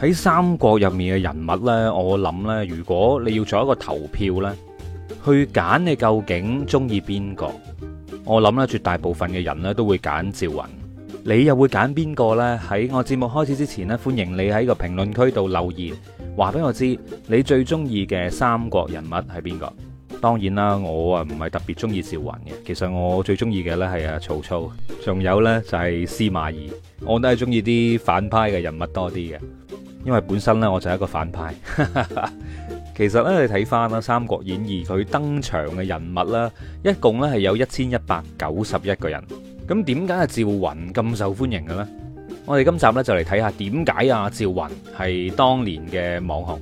喺三國入面嘅人物呢，我諗呢，如果你要做一個投票呢，去揀你究竟中意邊個？我諗呢，絕大部分嘅人呢都會揀趙雲。你又會揀邊個呢？喺我節目開始之前呢，歡迎你喺個評論區度留言，話俾我知你最中意嘅三國人物係邊個？當然啦，我啊唔係特別中意趙雲嘅，其實我最中意嘅呢係阿曹操，仲有呢就係司馬懿。我都係中意啲反派嘅人物多啲嘅。因為本身咧我就係一個反派，哈哈哈哈其實咧你睇翻啦《三國演義》，佢登場嘅人物啦，一共咧係有一千一百九十一個人。咁點解阿趙雲咁受歡迎嘅咧？我哋今集咧就嚟睇下點解阿趙雲係當年嘅網紅。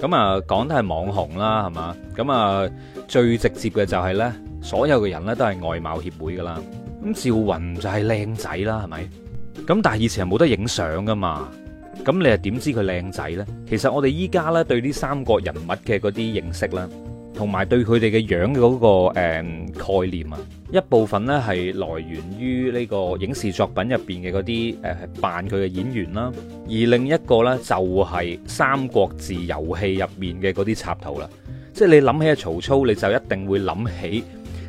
咁啊，講得係網紅啦，係嘛？咁啊，最直接嘅就係咧，所有嘅人咧都係外貌協會噶啦。咁趙雲就係靚仔啦，係咪？咁但係以前係冇得影相噶嘛。咁你又點知佢靚仔呢？其實我哋依家呢對呢三國人物嘅嗰啲認識啦，同埋對佢哋嘅樣嗰、嗰個、誒、概念啊，一部分呢係來源於呢個影視作品入面嘅嗰啲誒扮佢嘅演員啦，而另一個呢，就係《三國志》遊戲入面嘅嗰啲插圖啦。即係你諗起曹操，你就一定會諗起。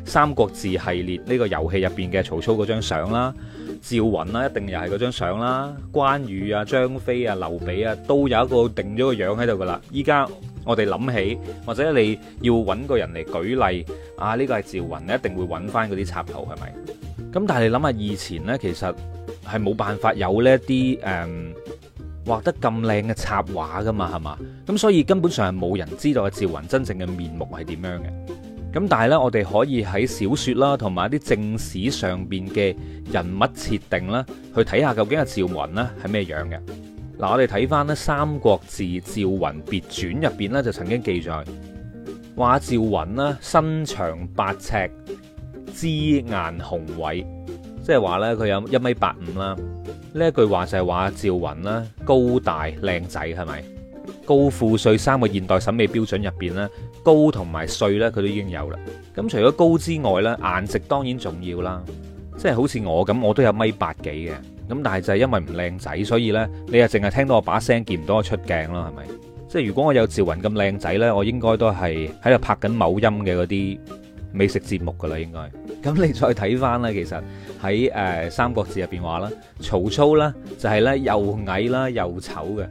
三國志系列呢個遊戲入邊嘅曹操嗰張相啦、趙雲啦，一定又係嗰張相啦、關羽啊、張飛啊、劉備啊，都有一個定咗個樣喺度噶啦。依家我哋諗起，或者你要揾個人嚟舉例，啊呢個係趙雲，你一定會揾翻嗰啲插圖係咪？咁但係你諗下以前呢，其實係冇辦法有呢啲誒畫得咁靚嘅插畫噶嘛，係嘛？咁所以根本上係冇人知道趙雲真正嘅面目係點樣嘅。咁但係呢，我哋可以喺小說啦，同埋一啲正史上邊嘅人物設定啦，去睇下究竟阿趙雲咧係咩樣嘅。嗱，我哋睇翻呢《三國志·趙雲別傳》入邊呢，就曾經記載，話趙雲咧身長八尺，姿顏雄偉，即係話呢，佢有一米八五啦。呢一句話就係話趙雲啦，高大靚仔係咪？高富帥三個現代審美標準入邊呢。高同埋帥呢，佢都已經有啦。咁除咗高之外呢，顏值當然重要啦。即係好似我咁，我都有米八幾嘅。咁但係就係因為唔靚仔，所以呢，你就淨係聽到我把聲，見唔到我出鏡啦，係咪？即係如果我有趙雲咁靚仔呢，我應該都係喺度拍緊某音嘅嗰啲美食節目噶啦，應該。咁你再睇翻呢。其實喺誒、呃《三國志》入邊話啦，曹操呢，就係、是、呢又矮啦又醜嘅。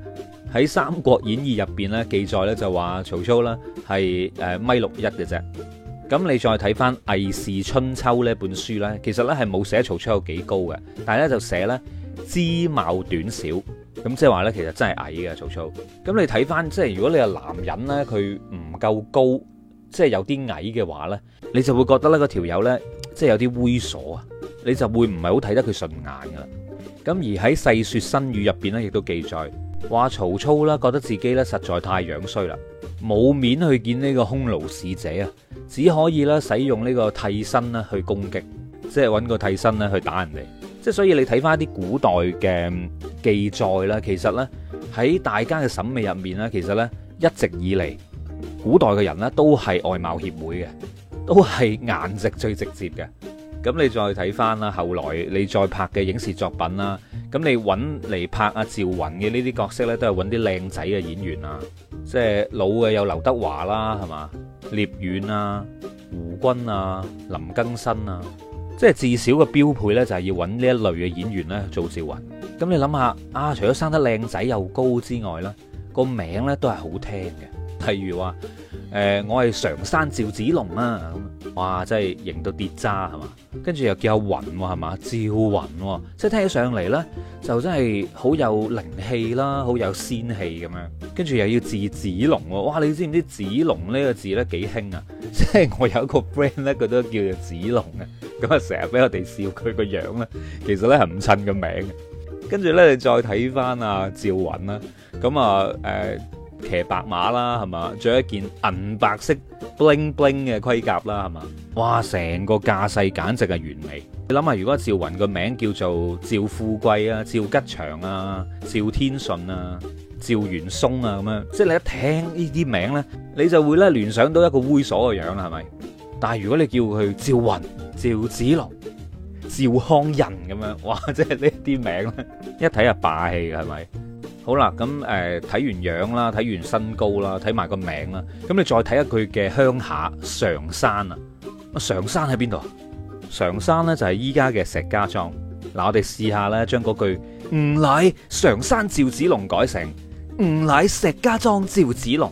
喺《三國演義》入邊咧，記載咧就話曹操呢係誒、呃、米六一嘅啫。咁你再睇翻《魏氏春秋》呢本書呢，其實呢係冇寫曹操有幾高嘅，但係咧就寫呢：「姿貌短小」，咁即係話呢，其實真係矮嘅曹操。咁你睇翻即係如果你係男人呢，佢唔夠高，即係有啲矮嘅話呢，你就會覺得呢嗰條友呢，即係有啲猥瑣啊，你就會唔係好睇得佢順眼噶啦。咁而喺《世說新語》入邊呢，亦都記載。話曹操啦，覺得自己咧實在太樣衰啦，冇面去見呢個匈奴使者啊，只可以咧使用呢個替身咧去攻擊，即係揾個替身咧去打人哋。即係所以你睇翻啲古代嘅記載咧，其實咧喺大家嘅審美入面咧，其實呢一直以嚟，古代嘅人咧都係外貌協會嘅，都係顏值最直接嘅。咁你再睇翻啦，後來你再拍嘅影視作品啦，咁你揾嚟拍阿趙雲嘅呢啲角色呢，都係揾啲靚仔嘅演員啊，即係老嘅有劉德華啦，係嘛，聶遠啊，胡軍啊，林更新啊，即係至少嘅標配呢，就係要揾呢一類嘅演員呢做趙雲。咁你諗下啊，除咗生得靚仔又高之外啦，個名呢都係好聽嘅，例如話誒，呃，我係常山趙子龍啊哇！真係型到跌渣係嘛？跟住又叫阿雲係嘛？趙雲，即係聽起上嚟咧，就真係好有靈氣啦，好有仙氣咁樣。跟住又要字子龍，哇！你知唔知子龍呢個字咧幾興啊？即係我有一個 friend 咧，佢都叫做子龍啊。咁啊，成日俾我哋笑佢個樣咧。其實咧係唔襯個名嘅。跟住咧，你再睇翻阿趙雲啦。咁啊誒。呃騎白馬啦，係嘛？着一件銀白色 bling bling 嘅盔甲啦，係嘛？哇！成個架勢簡直係完美。你諗下，如果趙雲個名叫做趙富貴啊、趙吉祥啊、趙天順啊、趙元松啊咁樣，即係你一聽呢啲名咧，你就會咧聯想到一個猥瑣嘅樣啦，係咪？但係如果你叫佢趙雲、趙子龍、趙匡胤咁樣，哇！即係呢啲名咧，一睇就霸氣嘅係咪？好啦，咁誒睇完樣啦，睇完身高啦，睇埋個名啦，咁你再睇下佢嘅鄉下常山啊，常山喺邊度？常山咧就係依家嘅石家莊。嗱，我哋試下咧將嗰句吾乃、嗯、常山趙子龍改成吾乃、嗯、石家莊趙子龍。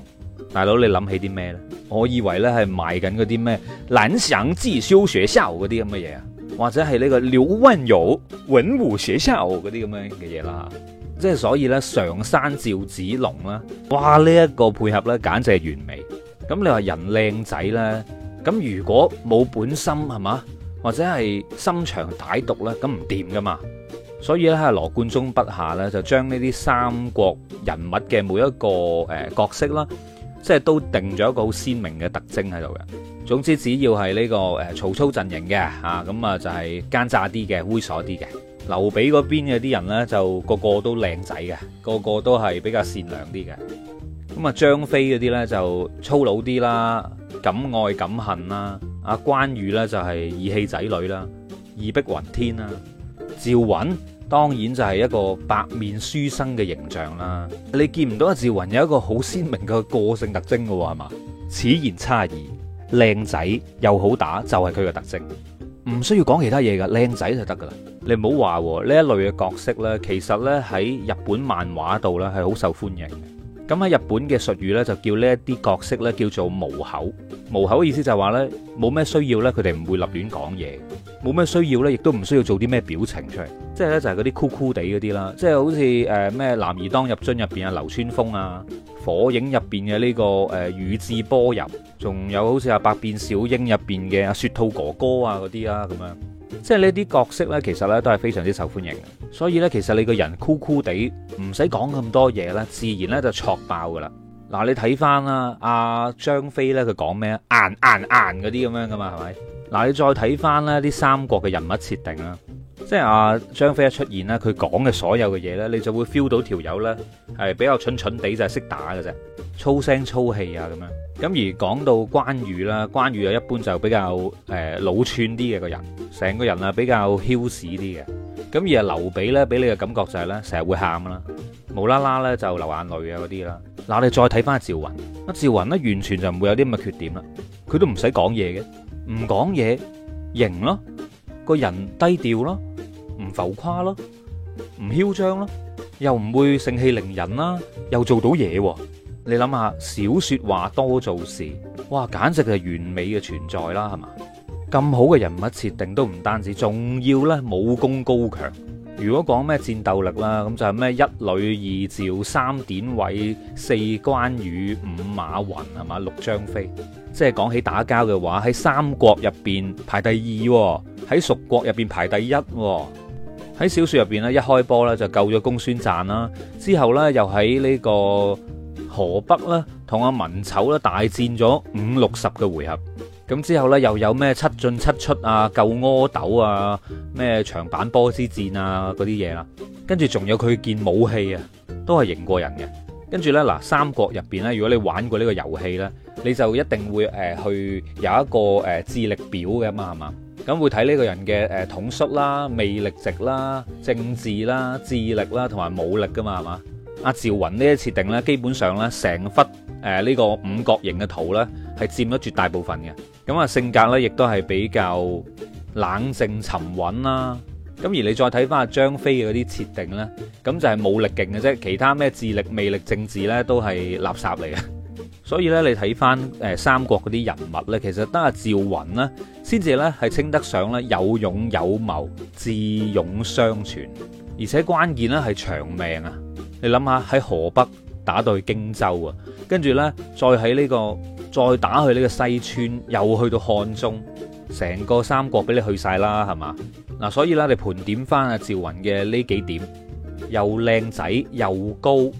大佬，你諗起啲咩咧？我以為咧係賣緊嗰啲咩懶想之學校嗰啲咁嘅嘢，啊，或者係呢、呢個劉萬有永湖學校嗰啲咁樣嘅嘢啦。即係所以呢，上山趙子龍啦，哇！呢一個配合呢，簡直係完美。咁你話人靚仔呢？咁如果冇本心係嘛，或者係心腸歹毒呢？咁唔掂噶嘛。所以咧，喺羅貫中筆下呢，就將呢啲三國人物嘅每一個誒角色啦，即係都定咗一個好鮮明嘅特徵喺度嘅。總之，只要係呢個誒曹操陣營嘅啊，咁啊就係奸詐啲嘅，猥瑣啲嘅。劉備嗰邊嘅啲人呢，就個個都靚仔嘅，個個都係比較善良啲嘅。咁啊，張飛嗰啲呢，就粗魯啲啦，敢愛敢恨啦。啊，關羽呢，就係義氣仔女啦，義薄雲天啦。趙雲當然就係一個白面書生嘅形象啦。你見唔到阿趙雲有一個好鮮明嘅個性特徵嘅喎，係嘛？此言差矣，靚仔又好打就係佢嘅特徵。唔需要講其他嘢噶，靚仔就得噶啦。你唔好話呢一類嘅角色呢，其實呢，喺日本漫畫度呢，係好受歡迎。咁喺日本嘅術語呢，就叫呢一啲角色呢叫做無口。無口嘅意思就係話呢，冇咩需要呢，佢哋唔會立亂講嘢，冇咩需要呢，亦都唔需要做啲咩表情出嚟。即係呢，就係嗰啲酷酷地嗰啲啦，即係好似誒咩男兒當入樽入邊啊流川楓啊。火影入邊嘅呢個誒呃、宇智波鼬，仲有好似阿百變小櫻入邊嘅阿雪兔哥哥啊，嗰啲啊。咁樣，即係呢啲角色呢，其實呢都係非常之受歡迎嘅。所以呢，其實你個人酷酷地唔使講咁多嘢呢，自然呢就戳爆噶啦。嗱，你睇翻啦，阿張飛呢，佢講咩啊？硬硬硬嗰啲咁樣噶嘛，係咪？嗱，你再睇翻呢啲三國嘅人物設定啊。即係阿張飛一出現咧，佢講嘅所有嘅嘢咧，你就會 feel 到條友咧係比較蠢蠢地就係識打嘅啫，粗聲粗氣啊咁樣。咁而講到關羽啦，關羽又一般就比較誒老串啲嘅個人，成個人啊比較囂屎啲嘅。咁而阿劉備咧，俾你嘅感覺就係咧成日會喊啦，無啦啦咧就流眼淚啊嗰啲啦。嗱，你再睇翻阿趙雲，阿趙雲咧完全就唔會有啲咁嘅缺點啦，佢都唔使講嘢嘅，唔講嘢，型咯，個人低調咯。唔浮誇咯，唔囂張咯，又唔會盛氣凌人啦，又做到嘢。你諗下，少說話多做事，哇，簡直係完美嘅存在啦，係嘛咁好嘅人物設定都唔單止仲要呢，武功高強。如果講咩戰鬥力啦，咁就係咩一呂二趙三典韋四關羽五馬雲係嘛六張飛，即係講起打交嘅話，喺三國入邊排第二喎，喺蜀國入邊排第一。喺小說入邊咧，一開波咧就救咗公孫瓚啦，之後咧又喺呢個河北咧同阿文丑咧大戰咗五六十個回合，咁之後咧又有咩七進七出啊，救阿斗啊，咩長板坡之戰啊嗰啲嘢啦，跟住仲有佢件武器啊，都係贏過人嘅，跟住咧嗱三國入邊咧，如果你玩過呢個遊戲咧，你就一定會誒、呃、去有一個誒、呃、智力表嘅嘛係嘛？咁會睇呢個人嘅，誒統率啦、魅力值啦、政治啦、智力啦同埋武力噶嘛，係嘛？阿趙雲呢一設定呢，基本上呢成幅誒呢個五角形嘅圖呢，係佔咗絕大部分嘅。咁啊性格呢，亦都係比較冷靜沉穩啦。咁而你再睇翻阿張飛嗰啲設定呢，咁就係、是、武力勁嘅啫，其他咩智力、魅力、政治呢，都係垃圾嚟嘅。所以咧，你睇翻誒《三國》嗰啲人物咧，其實得阿趙雲呢，先至咧係稱得上咧有勇有謀、智勇雙全，而且關鍵咧係長命啊！你諗下喺河北打到去荊州啊，跟住咧再喺呢個再打去呢個西川，又去到漢中，成個《三國》俾你去晒啦，係嘛？嗱，所以咧你盤點翻阿趙雲嘅呢幾點，又靚仔又高。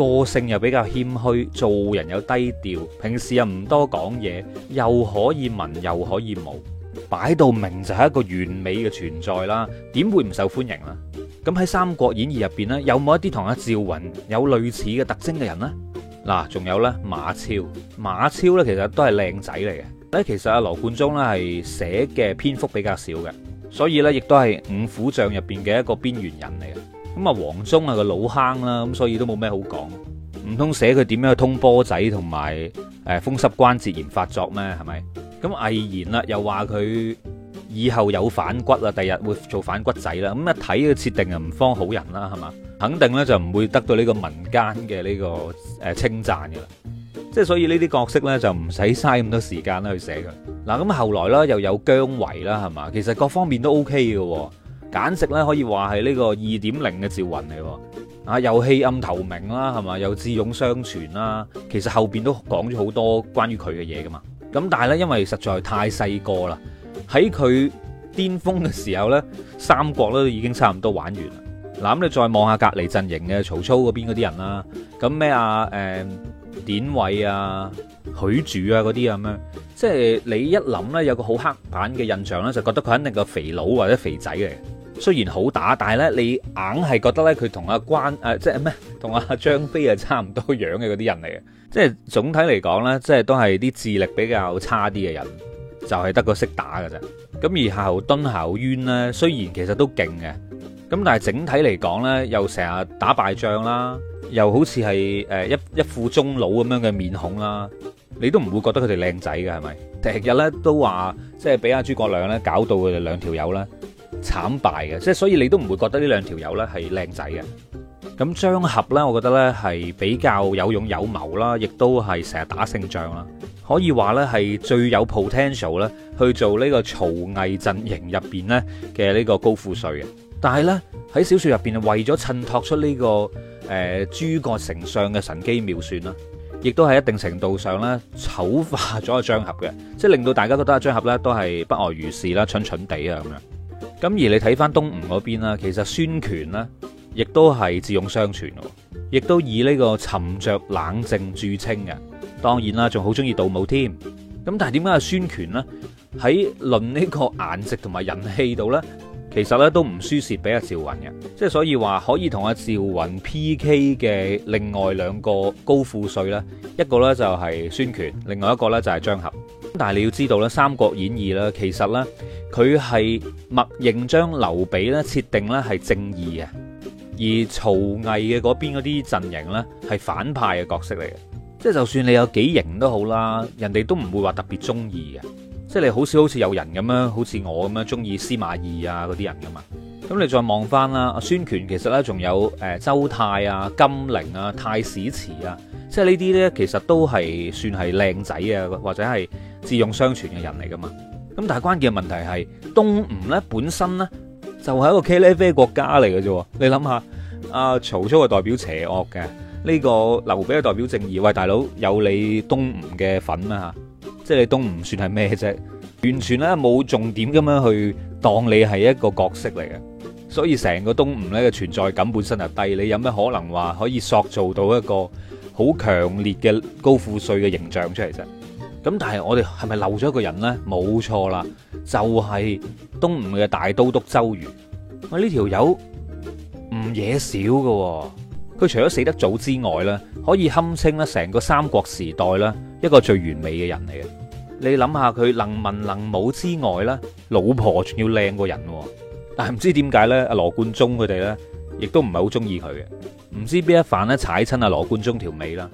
個性又比較謙虛，做人又低調，平時又唔多講嘢，又可以文又可以武，擺到明就係一個完美嘅存在啦。點會唔受歡迎呢？咁喺《三國演義》入邊呢，有冇一啲同阿趙雲有類似嘅特徵嘅人呢？嗱，仲有呢，馬超，馬超呢其實都係靚仔嚟嘅。但其實阿羅貫中呢係寫嘅篇幅比較少嘅，所以呢亦都係五虎將入邊嘅一個邊緣人嚟嘅。咁啊，黃忠啊個老坑啦，咁所以都冇咩好講，唔通寫佢點樣去通波仔同埋誒風濕關節炎發作咩？係咪？咁魏延啦，又話佢以後有反骨啦，第日會做反骨仔啦。咁一睇嘅設定啊，唔方好人啦，係嘛？肯定咧就唔會得到呢個民間嘅呢個誒稱讚噶啦，即係所以呢啲角色咧就唔使嘥咁多時間啦去寫佢。嗱，咁後來啦又有姜維啦，係嘛？其實各方面都 OK 嘅。簡直咧可以話係呢個二點零嘅趙雲嚟喎，啊又棄暗投明啦，係嘛，又智勇雙全啦，其實後邊都講咗好多關於佢嘅嘢噶嘛。咁但係咧，因為實在太細個啦，喺佢巔峰嘅時候咧，三國咧都已經差唔多玩完啦。嗱，咁你再望下隔離陣營嘅曹操嗰邊嗰啲人啦，咁咩、呃、啊誒典韋啊許褚啊嗰啲咁樣，即係你一諗咧有個好刻板嘅印象咧，就覺得佢肯定是個肥佬或者肥仔嚟。雖然好打，但係咧，你硬係覺得咧，佢同阿關誒，即係咩同阿張飛啊，差唔多樣嘅嗰啲人嚟嘅，即係總體嚟講咧，即係都係啲智力比較差啲嘅人，就係得個識打嘅啫。咁而夏侯惇、夏侯淵咧，雖然其實都勁嘅，咁但係整體嚟講咧，又成日打敗仗啦，又好似係誒一一副中老咁樣嘅面孔啦，你都唔會覺得佢哋靚仔嘅係咪？日日咧都話即係俾阿諸葛亮咧搞到佢哋兩條友啦。慘敗嘅，即係所以你都唔會覺得呢兩條友呢係靚仔嘅。咁張合呢，我覺得呢係比較有勇有謀啦，亦都係成日打勝仗啦，可以話呢係最有 potential 咧，去做呢個曹魏陣營入邊呢嘅呢個高富帥嘅。但係呢，喺小說入邊為咗襯托出呢、這個誒、呃、諸葛丞相嘅神機妙算啦，亦都係一定程度上呢醜化咗個張合嘅，即係令到大家覺得都得阿張合呢都係不外如是啦，蠢蠢地啊咁樣。咁而你睇翻東吳嗰邊啦，其實孫權呢亦都係智勇雙全，亦都以呢個沉着冷靜著稱嘅。當然啦，仲好中意盜墓添。咁但係點解阿孫權呢喺論呢個顏值同埋人氣度呢，其實呢都唔輸蝕俾阿趙雲嘅。即係所以話可以同阿趙雲 PK 嘅另外兩個高富帥呢，一個呢就係孫權，另外一個呢就係張合但係你要知道咧，《三國演義》啦，其實咧，佢係默認將劉備咧設定咧係正義嘅，而曹魏嘅嗰邊嗰啲陣營呢，係反派嘅角色嚟嘅。即係就算你有幾型都好啦，人哋都唔會話特別中意嘅。即係你好少好似有人咁樣，好似我咁樣中意司馬懿啊嗰啲人噶嘛。咁你再望翻啦，啊，孫權其實呢，仲有誒周泰啊、甘寧啊、太史慈啊，即係呢啲呢，其實都係算係靚仔啊，或者係。自用相傳嘅人嚟噶嘛？咁但係關鍵嘅問題係東吳咧本身咧就係、是、一個 k l i b e 國家嚟咋啫。你諗下，阿、啊、曹操係代表邪惡嘅，呢、這個劉備係代表正義。喂，大佬有你東吳嘅份啦吓、啊？即係你東吳算係咩啫？完全咧冇重點咁樣去當你係一個角色嚟嘅，所以成個東吳咧嘅存在感本身係低。你有咩可能話可以塑造到一個好強烈嘅高富帥嘅形象出嚟啫？咁但係我哋係咪漏咗一個人呢？冇錯啦，就係、是、東吳嘅大都督周瑜。啊呢條友唔惹少㗎喎，佢除咗死得早之外咧，可以堪稱咧成個三國時代呢一個最完美嘅人嚟嘅。你諗下佢能文能武之外咧，老婆仲要靚過人。但係唔知點解咧，阿羅貫中佢哋咧亦都唔係好中意佢嘅。唔知邊一瓣咧踩親阿羅貫中條尾啦。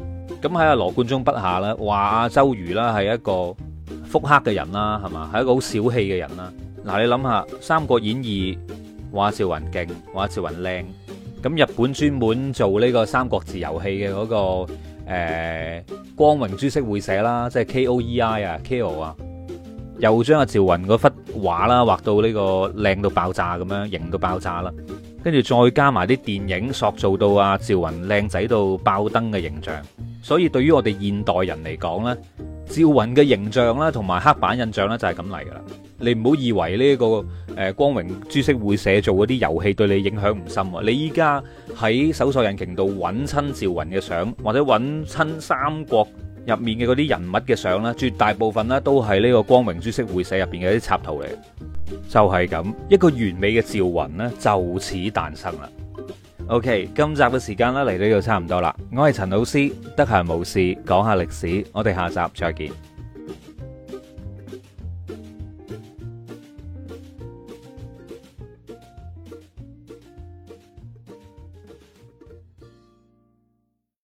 咁喺阿羅貫中筆下啦，話阿周瑜啦係一個腹黑嘅人啦，係嘛，係一個好小氣嘅人啦。嗱，你諗下《三國演義》，話趙雲勁，話趙雲靚。咁日本專門做呢個三國志遊戲嘅嗰個誒、呃、光榮株式會社啦，即係 K O E I 啊，K O 啊，E、I，又將阿趙雲嗰忽畫啦，畫到呢個靚到爆炸咁樣，型到爆炸啦。跟住再加埋啲電影塑造到啊，趙雲靚仔到爆燈嘅形象，所以對於我哋現代人嚟講呢，趙雲嘅形象啦同埋黑板印象呢，就係咁嚟噶啦。你唔好以為呢個誒光榮株式會社做嗰啲遊戲對你影響唔深啊！你依家喺搜索引擎度揾親趙雲嘅相，或者揾親《三國》入面嘅嗰啲人物嘅相呢，絕大部分呢都係呢個光榮株式會社入邊嘅一啲插圖嚟。就係咁，一個完美嘅趙雲就此誕生啦。OK，今集嘅時間呢，嚟到呢度差唔多啦。我係陳老師，得閒無事講下歷史，我哋下集再見。